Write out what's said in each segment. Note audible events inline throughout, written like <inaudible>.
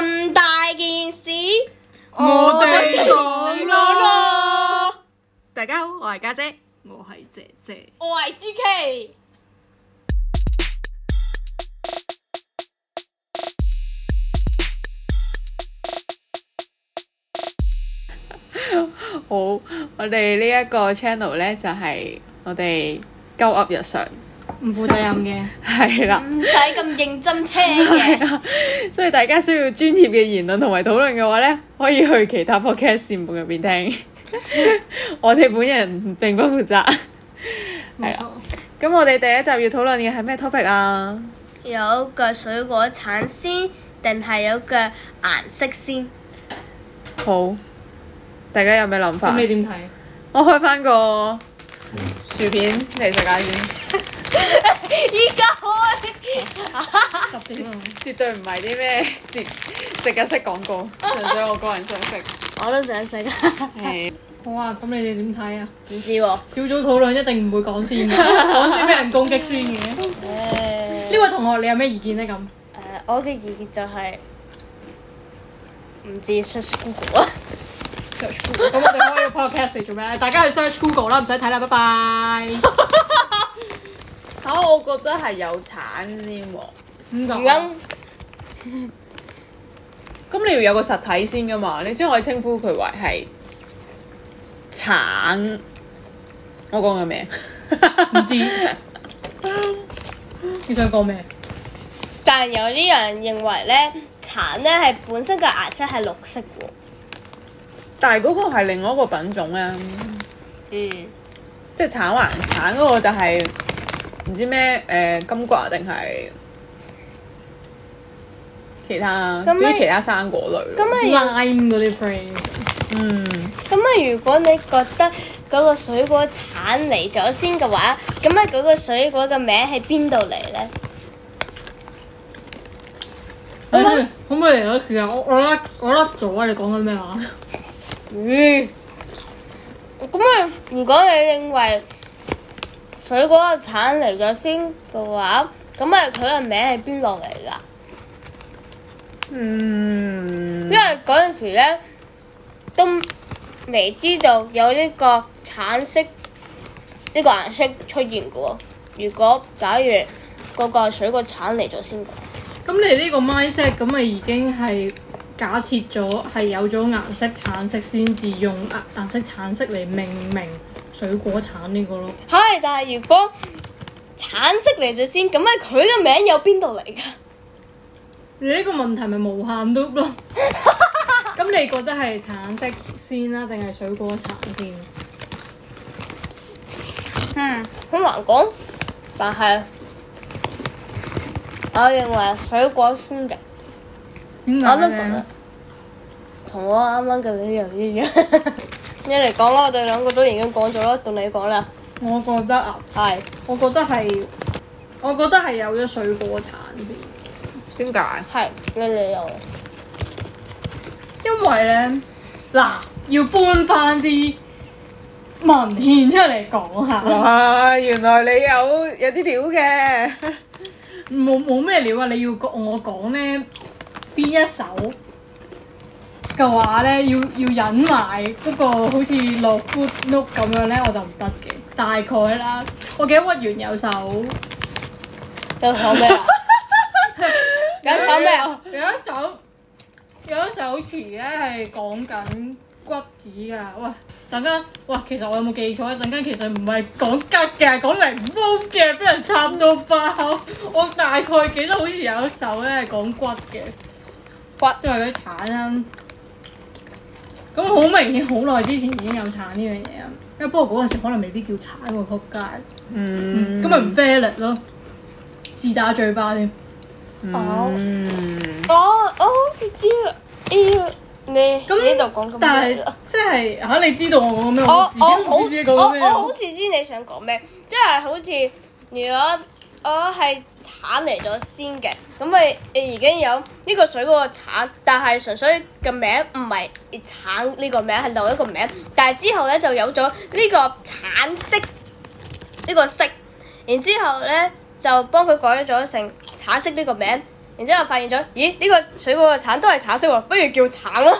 咁大件事，我哋講咯。大家好，我係家姐，我係姐姐，我係朱琪。好，我哋呢一個 channel 呢就係我哋鳩噏日常。唔負責任嘅，係啦了，唔使咁認真聽嘅 <laughs> ，所以大家需要專業嘅言論同埋討論嘅話咧，可以去其他 podcast 節目入邊聽。 <laughs> 我哋本人並不負責，係啊錯。咁 <laughs> 我哋第一集要討論嘅係咩 topic 啊？有個水果橙先，定係有個顏色先？好，大家有咩諗法？你點睇？我開翻個薯片嚟食下先。 <laughs> 依家開，絕對唔係啲咩植入式廣告，純粹我個人想識。 <laughs> 我都想識、 <laughs> 啊。好啊！咁你哋點睇啊？唔知喎、啊。小組討論一定唔會講先嘅，講先俾人攻擊先嘅。呢位同學，你有咩意見咧？咁。誒，我嘅意見就係、是、唔知 search Google 啊。咁我哋開個 podcast 嚟做咩？ <laughs> 大家去 search Google 啦，唔使睇啦，拜拜。 <laughs> 嚇！Oh, 我覺得係有橙先喎，咁咁，咁你要有個實體先㗎嘛，你先可以稱呼佢為係橙。我講緊咩？唔知 <laughs> <laughs> 你想講咩？但有啲人認為咧，橙咧係本身嘅顏色係綠色嘅。但係嗰個係另外一個品種啊。嗯。即係橙還橙嗰個就係、是。唔知咩誒金瓜定係其他啊？啲其他生果類，lime 嗰啲 friend。嗯。咁啊，如果你覺得嗰個水果橙嚟咗先嘅話，咁啊嗰個水果嘅名喺邊度嚟咧？可唔可以嚟多次啊？我我甩我甩咗啊！你講緊咩話？咦？咁啊？如果你認為？水果嘅橙嚟咗先嘅話，咁啊佢嘅名係邊度嚟㗎？嗯，因為嗰陣時咧都未知道有呢個橙色呢、呢個顏色出現嘅。如果假如嗰個水果橙嚟咗先，咁你呢個 mindset 咁啊已經係假設咗係有咗顏色橙色先至用顏顏色橙色嚟命名。水果橙呢個咯，係但係如果橙色嚟咗先，咁啊佢嘅名有邊度嚟㗎？你呢個問題咪無限 loop 咯？咁 <laughs> 你覺得係橙色先啦，定係水果橙先？嗯，好難講，但係我認為水果先嘅，因為 我都覺得同我啱啱咁樣一樣。 <laughs> 你嚟講啦，我哋兩個都已經講咗啦。到你講啦。我覺得啊，係，我覺得係，我覺得係有咗水果產先。點解？係咩理由？因為咧，嗱，要搬翻啲文獻出嚟講下。哇！原來你有有啲料嘅，冇冇咩料啊？你要我講咧邊一首？嘅話咧，要要忍埋。不過好似《落 footnote》咁樣咧，我就唔得嘅。大概啦，我記得屈原有首，有首咩？有首咩？有一首有一首詞咧係講緊骨子㗎。哇！等陣哇，其實我有冇記錯？一陣間其實唔係講吉嘅，講凌風嘅，俾人插到爆。我大概記得好似有一首咧係講骨嘅骨，都係佢產生。咁好、嗯嗯、明顯，好耐之前已經有橙呢樣嘢啊！因為不過嗰陣時可能未必叫橙喎，撲街、嗯嗯。嗯。咁咪唔 value 咯，自打嘴巴添。哦。哦，我好似知啦，你咁呢度講咁多但係即係嚇你知道我咁樣，我我我、哦、我好似知你想講咩，即、就、係、是、好似如果。我係橙嚟咗先嘅，咁咪誒已經有呢個水果嘅橙，但係純粹嘅名唔係橙呢個名，係另一個名。但係之後咧就有咗呢個橙色呢個色，然之後咧就幫佢改咗成橙色呢個名。然之後發現咗，咦？呢個水果嘅橙都係橙色喎，不如叫橙咯。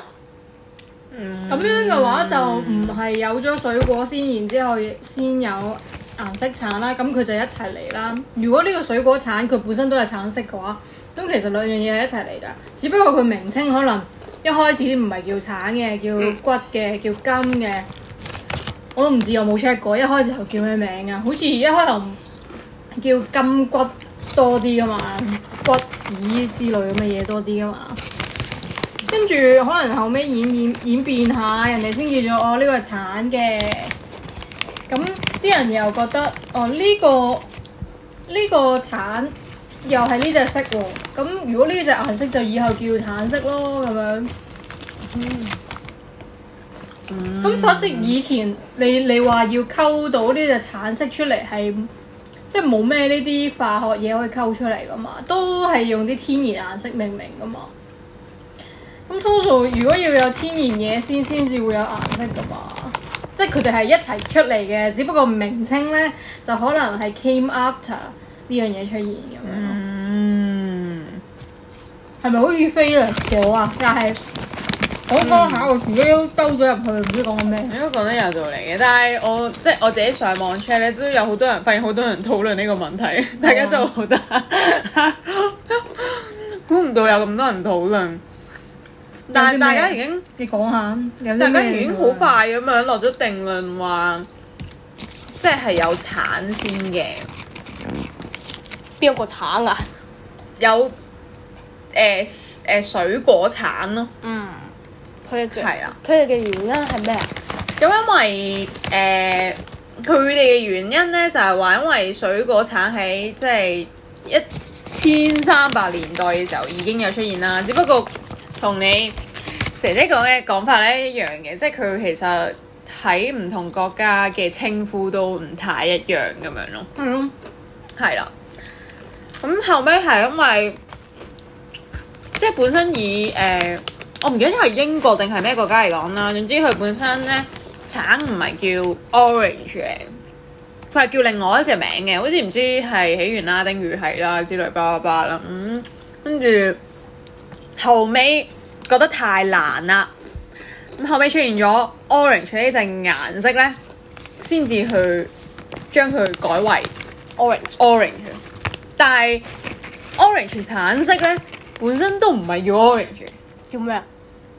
嗯、咁樣嘅話就唔係有咗水果先，然之後先有。顏色橙啦，咁佢就一齊嚟啦。如果呢個水果橙佢本身都係橙色嘅話，咁其實兩樣嘢係一齊嚟嘅，只不過佢名稱可能一開始唔係叫橙嘅，叫骨嘅，叫金嘅。我都唔知有冇 check 過，一開始就叫咩名啊？好似一開頭叫金骨多啲啊嘛，骨子之類咁嘅嘢多啲啊嘛。跟住可能後尾演演演變下，人哋先叫做哦呢個係橙嘅。咁。嗯啲人又覺得，哦呢個呢個橙又係呢隻色喎，咁如果呢隻顏色就以後叫橙色咯，咁樣，嗯，咁、嗯、反正以前你你話要溝到呢隻橙色出嚟係，即係冇咩呢啲化學嘢可以溝出嚟㗎嘛，都係用啲天然顏色命名㗎嘛，咁通常如果要有天然嘢先先至會有顏色㗎嘛。即係佢哋係一齊出嚟嘅，只不過名稱咧就可能係 came after 呢樣嘢出現咁樣。嗯，係咪好易飛啦條啊？就係好多下，嗯、我自己都兜咗入去，唔知講緊咩。應該講得有道理嘅，但係我即係我自己上網 check 咧，都有好多人發現，好多人討論呢個問題，嗯、大家真係覺得估唔到有咁多人討論。但係大家已經，你講下，大家已經好快咁樣落咗定論，話即係有橙先嘅。邊個橙啊？有誒誒、呃、水果橙咯。嗯，佢哋係啊。佢哋嘅原因係咩啊？咁因為誒，佢哋嘅原因咧就係話，因為水果橙喺即係一千三百年代嘅時候已經有出現啦，只不過。同你姐姐講嘅講法咧一樣嘅，即係佢其實喺唔同國家嘅稱呼都唔太一樣咁樣咯。嗯，係咯，係啦。咁後尾係因為即係本身以誒、呃，我唔記得係英國定係咩國家嚟講啦。總之佢本身咧橙唔係叫 Orange，佢係叫另外一隻名嘅，好似唔知係起源拉丁語係啦之類叭叭叭啦。嗯，跟住。後尾覺得太難啦，咁後尾出現咗 orange 呢隻顏色咧，先至去將佢改為 orange。orange，但係 orange 橙色咧本身都唔係叫 orange，叫咩啊？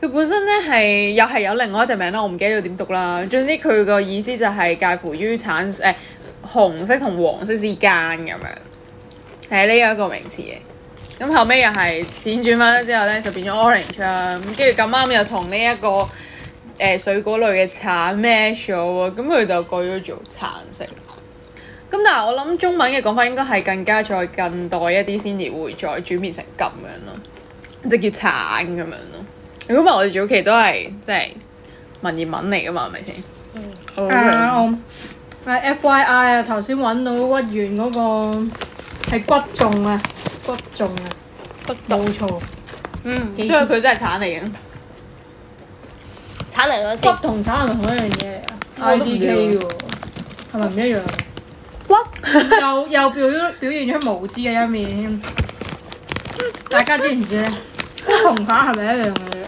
佢麼本身咧係又係有另外一隻名啦，我唔記得咗點讀啦。總之佢個意思就係介乎於橙誒、呃、紅色同黃色之間咁樣，係呢一個名詞嘅。咁後尾又係輾轉翻之後咧，就變咗 orange 啊！跟住咁啱又同呢一個誒、呃、水果類嘅橙 match 咗喎，咁佢就改咗做橙色。咁但係我諗中文嘅講法應該係更加再近代一啲先至會再轉變成咁樣咯，即叫橙咁樣咯。如果唔係我哋早期都係即係文言文嚟噶嘛，係咪先？FYI 啊，頭先揾到屈原嗰、那個係骨種啊！骨重啊，骨冇錯，嗯，所以佢真係橙嚟嘅，橙嚟嘅先。骨同橙係唔同一樣嘢嚟，I D K 喎，係咪唔一樣？骨又又表表現咗無知嘅一面，大家知唔知咧？骨同橙係咪一樣嘅？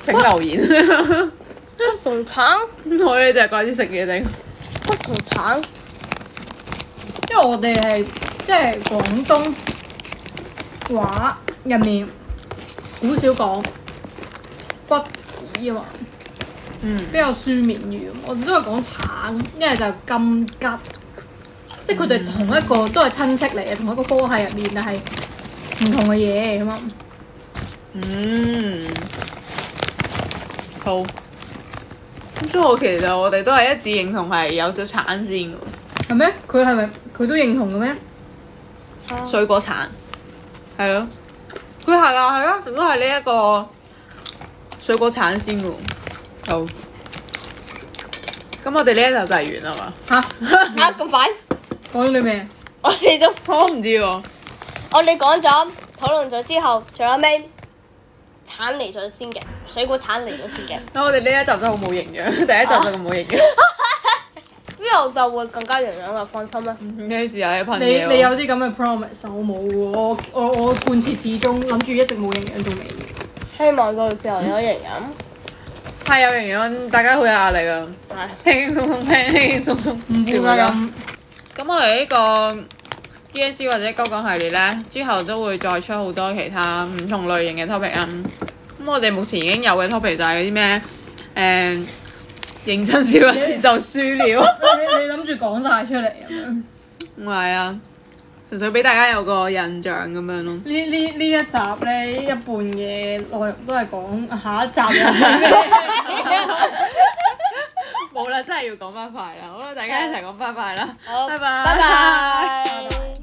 請留言。骨同橙可以就係講啲食嘢定？骨同橙，因為我哋係即係廣東。話入面好少講骨子啊嘛，嗯，比較書面語。我哋都係講橙，因為就是金桔，即係佢哋同一個都係親戚嚟嘅、嗯、同一個科系入面，但係唔同嘅嘢咁啊。嗯，好。咁即係我其實我哋都係一致認同係有隻橙先嘅。係咩？佢係咪佢都認同嘅咩？啊、水果橙？係咯，佢係啊，係啊，都係呢一個水果橙先噶，好。咁我哋呢一集就係完啦嘛。吓？啊咁快？講咗啲咩？我哋都、啊，我唔知喎。我哋講咗，討論咗之後，最後咩？橙嚟咗先嘅，水果橙嚟咗先嘅。咁我哋呢一集真係好冇營養，第一集就咁冇營養。啊 <laughs> 就就會更加營養啊！放心啦，咩時候有朋友？你你有啲咁嘅 promise，我冇喎。我我我貫徹始終，諗住一直冇營養到尾。希望到時候有營養。係有營養，大家好有壓力啊！輕輕鬆鬆，輕輕鬆鬆，唔少得飲。咁我哋呢個 DSC 或者高港系列咧，之後都會再出好多其他唔同類型嘅 topic 啊。咁我哋目前已經有嘅 topic 就係嗰啲咩誒。認真少一次就輸了 <laughs> 你。你你諗住講晒出嚟，咁樣唔係啊，純粹俾大家有個印象咁樣咯。呢呢呢一集咧，一半嘅內容都係講下一集又係咩？冇啦， <laughs> <laughs> <laughs> 真係要講翻快啦！好啦，大家一齊講翻快啦！好，拜拜拜拜。Bye bye bye bye